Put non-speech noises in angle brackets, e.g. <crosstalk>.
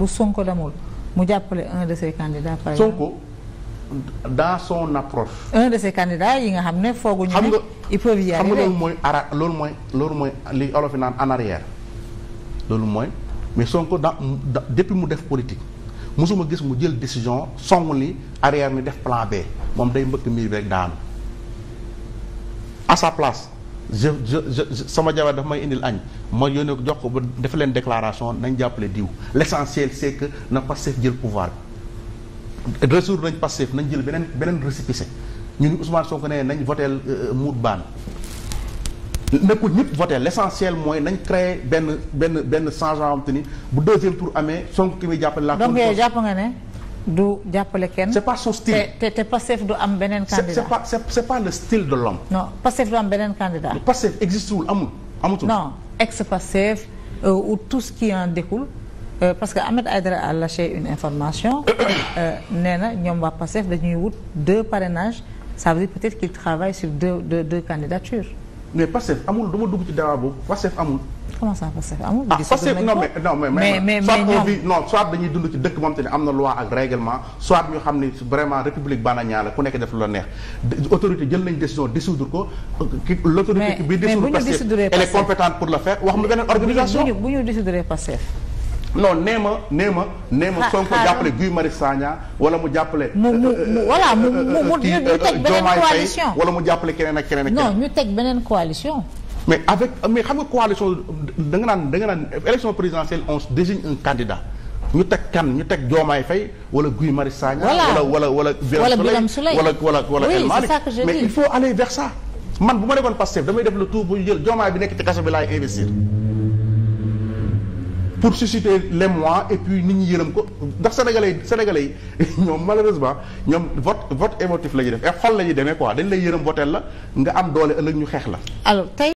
bu Sonko demul mu jàppale un de ses candidats. par exemple son approche. un de ses yi nga xam ne fooguñu. xam nga xam nga loolu mooy ara loolu mooy loolu mooy li naan en arrière. loolu mooy mais Sonko da depuis mu def politique mosuma gis mu jël décision song li arrière mi def plan B moom day mbëkk miir bi rek daanu à sa place. je sama jabar dafa may indil añ mooy yónnee ko jox ko ba def leen déclaration nañ jàppale diw l' essentiel c' est que na Pastef jël pouvoir bi ressource nañ Pastef nañ jël beneen beneen récépissé ñun Ousmane Sonko nee nañ voteel euh, euh, Mout Bane ne ko ñëpp voté l' mooy nañ créé benn benn benn changement ni bu deuxième tour amee Sonko ki muy jàppale la donc jàpp nga ne du jàppale kenn. c'est pas son te te Pastef du am beneen. candidat c'est pas c'est pas le style de l'homme non Pastef du am beneen candidat. Pastef existe wul amul amatul. ex Pastef euh, ou tout ce qui en découle euh, parce que Ahmed Aïdara a lâché une information <coughs> euh, nee na ñoom waa Pastef dañuy wut deux parrainages ça veut dire peut-être qu'il travaille sur deux deux candidatures. mais Pastef amul du ma dugg ci débat boobu Pastef amul. comment ça Pastef amul. ah Pastef non mais non mais. mais soit dañuy dund ci dëkk moom te am na loi ak règlement soit ñu xam ne vraiment république bananière la ku nekk def lu la neex autorité jël nañ décision dissoudre ko. l' autorité bi dissoudre Pastef elle est compétente pour le faire wax ma beneen organisation bu ñu bu ñu ma nee ma nee ma ah, Sonko ah, jàppale Guy Marius Sagna wala mu jàppale. mu mu euh, mu voilà mu mu mu euh, euh, ñu teg beneen coalition wala mu jàppale keneen ak keneen ak keneen. non ñu teg beneen coalition. mais avec mais xam nga coalition da nga naan da nga naan élection présidentielle on désigne un candidat ñu teg kan ñu teg Diomaye Faye wala Guy Marius Sagna. wala wala wala Birame Souleye wala wala wala El Malick mais il faut aller vers ça. man bu ma demoon Pastef damay def le tour bu ñu jël Diomaye bi nekk ci kaso bi laay investir pour susciter l'émoi et puis nit ñi yërëm ko ndax sénégalais sénégalais yi <laughs> ñoom malheureusement ñoom vote vote émotif la ñuy def et xol la ñuy demee quoi dañ lay yërëm votel la nga am doole ëllëg ñu xeex la. alors tey